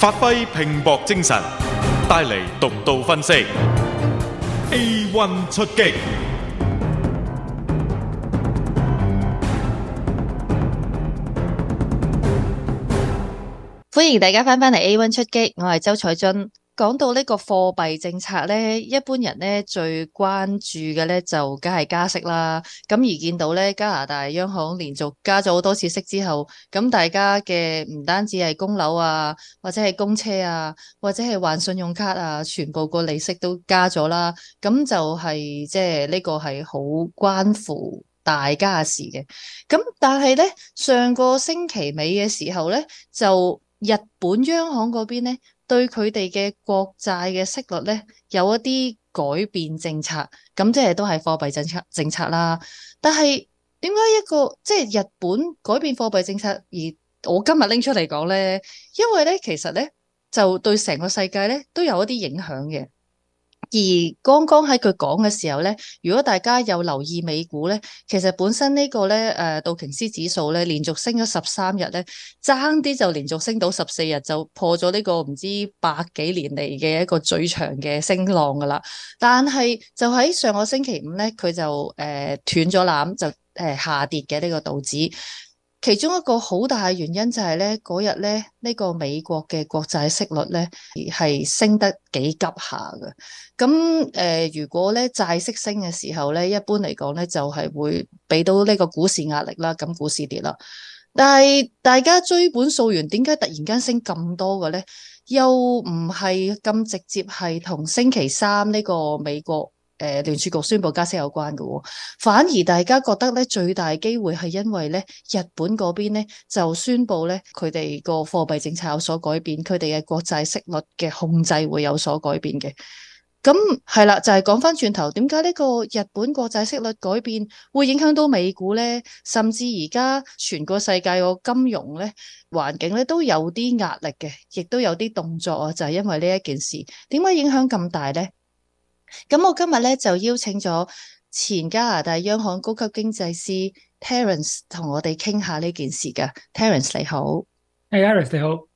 發揮拼搏精神，帶嚟獨到分析。A one 出擊，歡迎大家翻返嚟 A one 出擊，我係周采蓁。講到呢個貨幣政策咧，一般人咧最關注嘅咧就梗係加息啦。咁而見到咧加拿大央行連續加咗好多次息之後，咁大家嘅唔單止係供樓啊，或者係供車啊，或者係還信用卡啊，全部個利息都加咗啦。咁就係即係呢個係好關乎大家嘅事嘅。咁但係咧上個星期尾嘅時候咧就。日本央行嗰邊咧，對佢哋嘅國債嘅息率咧，有一啲改變政策，咁即係都係貨幣政策政策啦。但係點解一個即係、就是、日本改變貨幣政策，而我今日拎出嚟講咧，因為咧其實咧就對成個世界咧都有一啲影響嘅。而剛剛喺佢講嘅時候咧，如果大家有留意美股咧，其實本身呢個咧，誒道瓊斯指數咧，連續升咗十三日咧，爭啲就連續升到十四日就破咗呢個唔知百幾年嚟嘅一個最長嘅升浪噶啦。但係就喺上個星期五咧，佢就誒斷咗纜，就誒下跌嘅呢個道指。其中一個好大嘅原因就係咧，嗰日咧呢個美國嘅國債息率咧係升得幾急下嘅。咁誒，如果咧債息升嘅時候咧，一般嚟講咧就係會俾到呢個股市壓力啦，咁股市跌啦。但係大家追本溯源，點解突然間升咁多嘅咧？又唔係咁直接係同星期三呢個美國，誒，聯儲局宣布加息有關嘅、哦，反而大家覺得咧最大機會係因為咧日本嗰邊咧就宣布咧佢哋個貨幣政策有所改變，佢哋嘅國債息率嘅控制會有所改變嘅。咁係啦，就係講返轉頭，點解呢個日本國債息率改變會影響到美股咧？甚至而家全個世界個金融咧環境咧都有啲壓力嘅，亦都有啲動作啊！就係、是、因為呢一件事，點解影響咁大咧？咁我今日咧就邀請咗前加拿大央行高級經濟師 Terence 同我哋傾下呢件事㗎。Terence 你好，Hey, Iris 你好，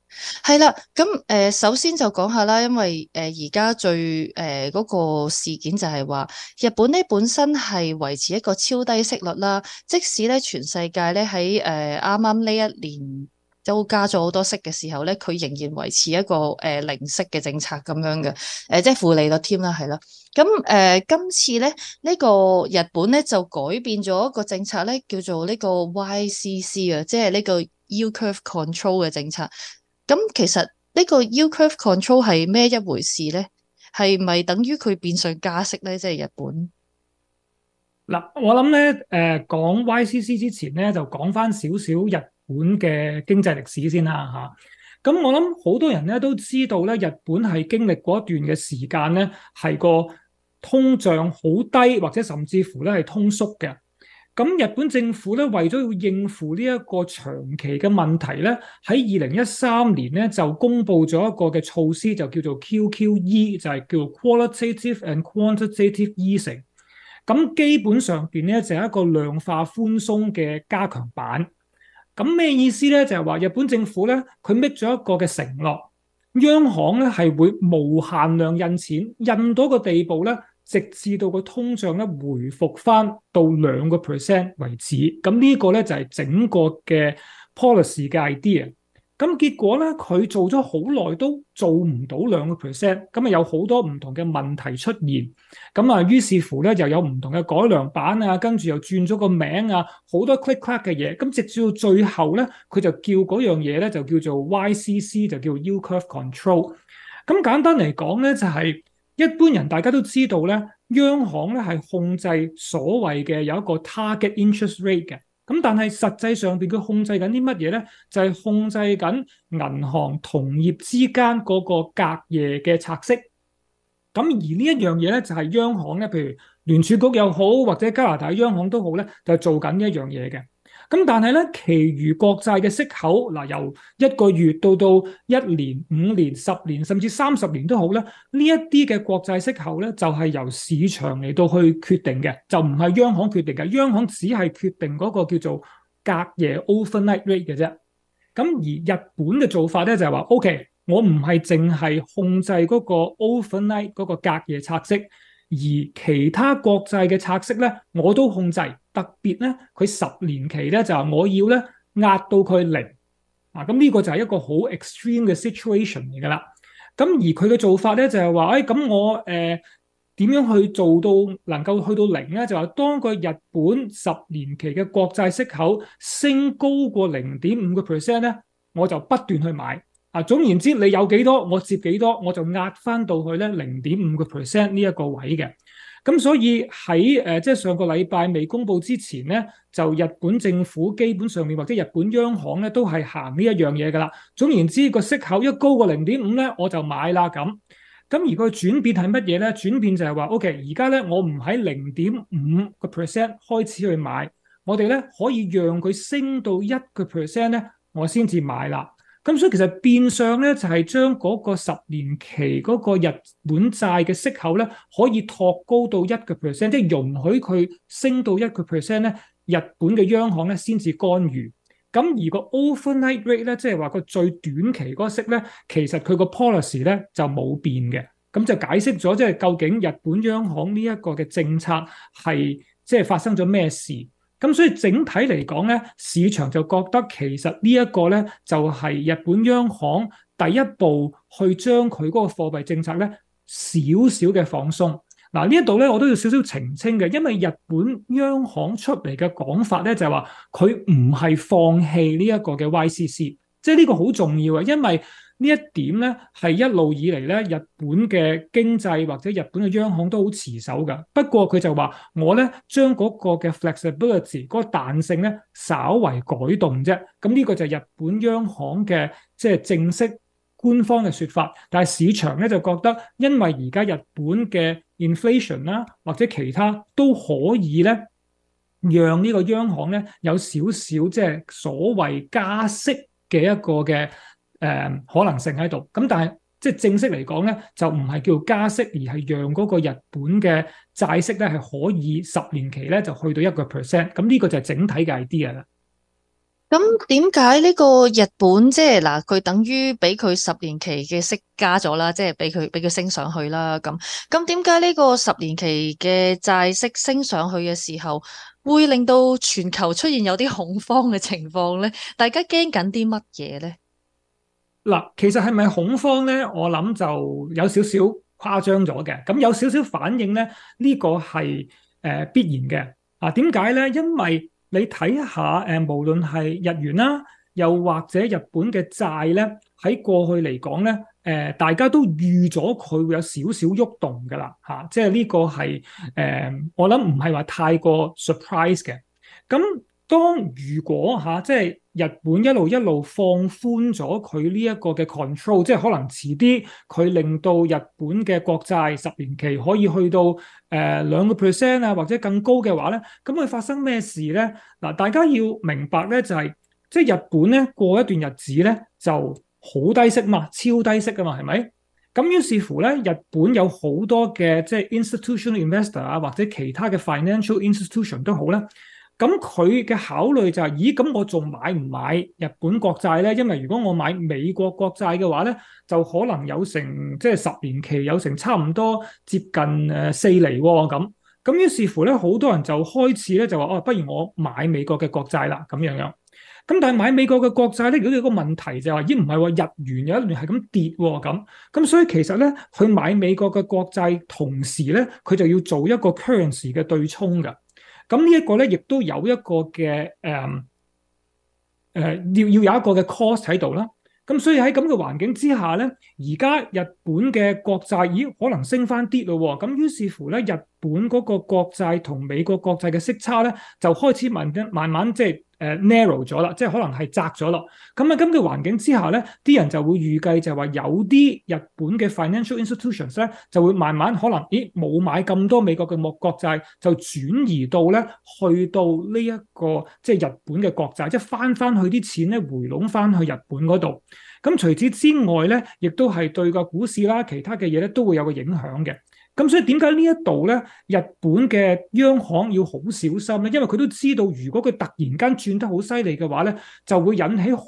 係啦、hey，咁誒、呃，首先就講下啦，因為誒而家最誒嗰、呃那個事件就係話日本咧本身係維持一個超低息率啦，即使咧全世界咧喺誒啱啱呢一年。都加咗好多息嘅時候咧，佢仍然維持一個誒、呃、零息嘅政策咁樣嘅，誒、呃、即係負利率添啦，係啦。咁、呃、誒今次咧呢、呢個日本咧就改變咗一個政策咧，叫做呢個 YCC 啊，即係呢個 U curve control 嘅政策。咁其實呢個 U curve control 係咩一回事咧？係咪等於佢變相加息咧？即係日本嗱，我諗咧誒講 YCC 之前咧，就講翻少少日。本嘅經濟歷史先啦嚇，咁我諗好多人咧都知道咧，日本係經歷過一段嘅時間咧，係個通脹好低或者甚至乎咧係通縮嘅。咁日本政府咧為咗要應付呢一個長期嘅問題咧，喺二零一三年咧就公布咗一個嘅措施，就叫做 QQE，就係叫 Qualitative and Quantitative Easing。咁基本上邊咧就係一個量化寬鬆嘅加強版。咁咩意思咧？就係話日本政府咧，佢搣咗一個嘅承諾，央行咧係會無限量印錢，印到個地步咧，直至到個通脹咧回復翻到兩個 percent 為止。咁呢個咧就係整個嘅 policy 嘅 idea。咁結果咧，佢做咗好耐都做唔到兩個 percent，咁啊有好多唔同嘅問題出現，咁啊於是乎咧又有唔同嘅改良版啊，跟住又轉咗個名啊，好多 click-clack 嘅嘢，咁直至到最後咧，佢就叫嗰樣嘢咧就叫做 YCC，就叫做 Yield Curve Control。咁簡單嚟講咧，就係一般人大家都知道咧，央行咧係控制所謂嘅有一個 target interest rate 嘅。咁但係實際上邊佢控制緊啲乜嘢咧？就係控制緊銀行同業之間嗰個隔夜嘅拆息。咁而呢一樣嘢咧，就係央行咧，譬如聯儲局又好，或者加拿大央行都好咧，就做緊呢一樣嘢嘅。咁但係咧，其餘國債嘅息口嗱，由一個月到到一年、五年、十年甚至三十年都好咧，呢一啲嘅國債息口咧，就係由市場嚟到去決定嘅，就唔係央行決定嘅。央行只係決定嗰個叫做隔夜 overnight rate 嘅啫。咁而日本嘅做法咧就係話：OK 我唔係淨係控制嗰個 overnight 嗰個隔夜拆息。而其他國債嘅拆息咧，我都控制，特別咧佢十年期咧就係、是、我要咧壓到佢零啊，咁、這、呢個就係一個好 extreme 嘅 situation 嚟㗎啦。咁、啊、而佢嘅做法咧就係、是、話：，誒、哎、咁我誒點、呃、樣去做到能夠去到零咧？就係、是、當個日本十年期嘅國債息口升高過零點五個 percent 咧，我就不斷去買。啊，總言之，你有幾多，我接幾多，我就壓翻到去咧零點五個 percent 呢一個位嘅。咁所以喺誒，即、呃、係、就是、上個禮拜未公佈之前咧，就日本政府基本上面或者日本央行咧都係行呢一樣嘢噶啦。總言之，個息口一高過零點五咧，我就買啦咁。咁而個轉變係乜嘢咧？轉變就係話，O K，而家咧我唔喺零點五個 percent 開始去買，我哋咧可以讓佢升到一個 percent 咧，我先至買啦。咁所以其實變相咧就係將嗰個十年期嗰個日本債嘅息口咧可以托高到一個 percent，即係容許佢升到一個 percent 咧，日本嘅央行咧先至干預。咁而個 overnight rate 咧，即係話個最短期嗰個息咧，其實佢個 policy 咧就冇變嘅，咁就解釋咗即係究竟日本央行呢一個嘅政策係即係發生咗咩事。咁所以整體嚟講咧，市場就覺得其實呢一個咧，就係日本央行第一步去將佢嗰個貨幣政策咧少少嘅放鬆。嗱，呢一度咧，我都要少少澄清嘅，因為日本央行出嚟嘅講法咧就係話佢唔係放棄呢一個嘅 YCC，即係呢個好重要呀，因為。呢一點咧係一路以嚟咧，日本嘅經濟或者日本嘅央行都好持守㗎。不過佢就話：我咧將嗰個嘅 flexibility，嗰彈性咧稍為改動啫。咁、嗯、呢、呢個就係日本央行嘅即係正式官方嘅說法。但係市場咧就覺得，因為而家日本嘅 inflation 啦、啊、或者其他都可以咧，讓呢個央行咧有少少即係所謂加息嘅一個嘅。誒、嗯，可能性喺度咁，但係即係正式嚟講咧，就唔係叫加息，而係讓嗰個日本嘅債息咧，係可以十年期咧，就去到一個 percent。咁呢個就係整體嘅 idea 啦。咁點解呢個日本即係嗱？佢等於俾佢十年期嘅息加咗啦，即係俾佢俾佢升上去啦。咁咁點解呢個十年期嘅債息升上去嘅時候，會令到全球出現有啲恐慌嘅情況咧？大家驚緊啲乜嘢咧？嗱，其實係咪恐慌咧？我諗就有少少誇張咗嘅。咁有少少反應咧，呢個係誒必然嘅。啊，點解咧？因為你睇下誒，無論係日元啦，又或者日本嘅債咧，喺過去嚟講咧，誒大家都預咗佢會有少少喐動㗎啦。嚇，即係呢個係誒，我諗唔係話太過 surprise 嘅。咁當如果嚇、啊、即係日本一路一路放寬咗佢呢一個嘅 control，即係可能遲啲佢令到日本嘅國債十年期可以去到誒兩個 percent 啊或者更高嘅話咧，咁會發生咩事咧？嗱，大家要明白咧就係、是、即係日本咧過一段日子咧就好低息嘛，超低息噶嘛，係咪？咁於是乎咧，日本有好多嘅即係 institutional investor 啊或者其他嘅 financial institution 都好咧。咁佢嘅考慮就係、是，咦？咁我仲買唔買日本國債咧？因為如果我買美國國債嘅話咧，就可能有成即係十年期有成差唔多接近四、呃、厘喎、哦、咁。咁於是乎咧，好多人就開始咧就話，哦、啊，不如我買美國嘅國債啦咁樣樣。咁但係買美國嘅國債咧，如果有個問題就係、是，咦？唔係話日元有一年係咁跌喎、哦、咁。咁所以其實咧，佢買美國嘅國債同時咧，佢就要做一個 currency 嘅對沖㗎。咁呢一個咧，亦都有一個嘅誒誒，要、嗯呃、要有一個嘅 cost 喺度啦。咁所以喺咁嘅環境之下咧，而家日本嘅國債已經可能升翻啲咯喎。咁於是乎咧，日本嗰個國債同美國國債嘅息差咧，就開始慢嘅慢，慢慢即係。誒、呃、narrow 咗啦，即係可能係窄咗咯。咁喺咁嘅環境之下咧，啲人就會預計就係話有啲日本嘅 financial institutions 咧，就會慢慢可能，咦冇買咁多美國嘅國債，就轉移到咧去到呢、這、一個即係日本嘅國債，即係翻翻去啲錢咧回籠翻去日本嗰度。咁除此之外咧，亦都係對個股市啦，其他嘅嘢咧都會有個影響嘅。咁所以點解呢一度咧，日本嘅央行要好小心咧？因為佢都知道，如果佢突然間轉得好犀利嘅話咧，就會引起好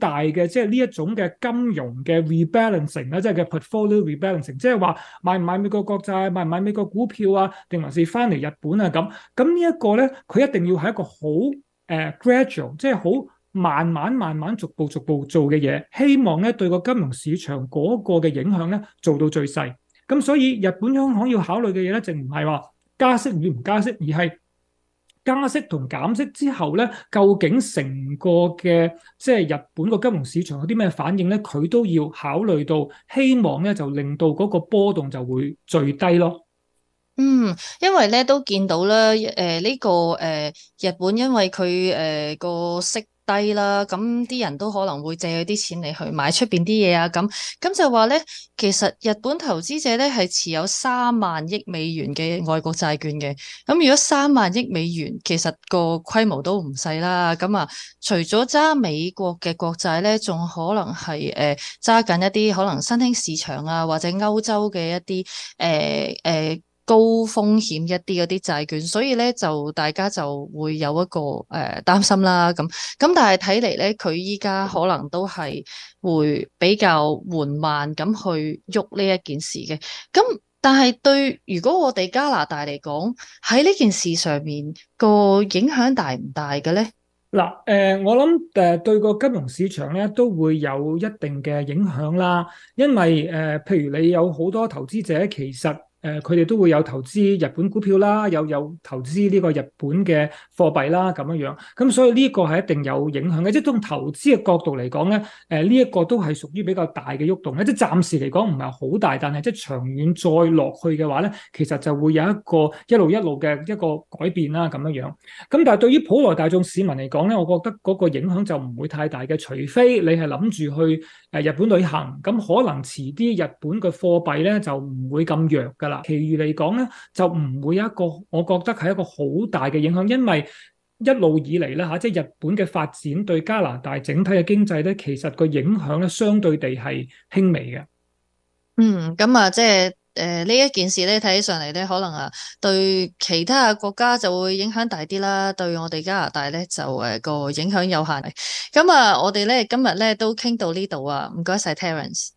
大嘅即係呢一種嘅金融嘅 rebalancing，即係嘅 portfolio rebalancing，即係話買唔買美國國債啊，買唔買美國股票啊，定還是翻嚟日本啊咁。咁呢一個咧，佢一定要係一個好、uh, gradual，即係好慢慢慢慢逐步逐步做嘅嘢，希望咧對個金融市場嗰個嘅影響咧做到最細。咁所以日本央行要考慮嘅嘢咧，就唔係話加息與唔加息，而係加息同減息之後咧，究竟成個嘅即係日本個金融市場有啲咩反應咧？佢都要考慮到，希望咧就令到嗰個波動就會最低咯。嗯，因為咧都見到啦，誒、呃、呢、這個誒、呃、日本因為佢誒、呃、個息。低啦，咁啲人都可能會借佢啲錢嚟去買出面啲嘢啊，咁咁就話咧，其實日本投資者咧係持有三萬億美元嘅外國債券嘅，咁如果三萬億美元，其實個規模都唔細啦，咁啊，除咗揸美國嘅國債咧，仲可能係誒揸緊一啲可能新興市場啊，或者歐洲嘅一啲誒、呃呃高風險一啲嗰啲債券，所以咧就大家就會有一個誒擔心啦咁。咁但係睇嚟咧，佢依家可能都係會比較緩慢咁去喐呢一件事嘅。咁但係對，如果我哋加拿大嚟講，喺呢件事上面個影響大唔大嘅咧？嗱誒、呃，我諗誒對個金融市場咧都會有一定嘅影響啦，因為誒、呃，譬如你有好多投資者其實。誒佢哋都會有投資日本股票啦，有有投資呢個日本嘅貨幣啦，咁樣樣。咁所以呢個係一定有影響嘅，即係從投資嘅角度嚟講咧，誒呢一個都係屬於比較大嘅喐動咧。即係暫時嚟講唔係好大，但係即係長遠再落去嘅話咧，其實就會有一個一路一路嘅一個改變啦，咁樣樣。咁但係對於普羅大眾市民嚟講咧，我覺得嗰個影響就唔會太大嘅，除非你係諗住去日本旅行，咁可能遲啲日本嘅貨幣咧就唔會咁弱㗎啦。其餘嚟講咧，就唔會有一個，我覺得係一個好大嘅影響，因為一路以嚟咧吓，即係日本嘅發展對加拿大整體嘅經濟咧，其實個影響咧相對地係輕微嘅。嗯，咁啊、就是，即係誒呢一件事咧，睇起上嚟咧，可能啊對其他國家就會影響大啲啦，對我哋加拿大咧就誒個、呃、影響有限。咁啊，我哋咧今日咧都傾到呢度啊，唔該晒 Terence。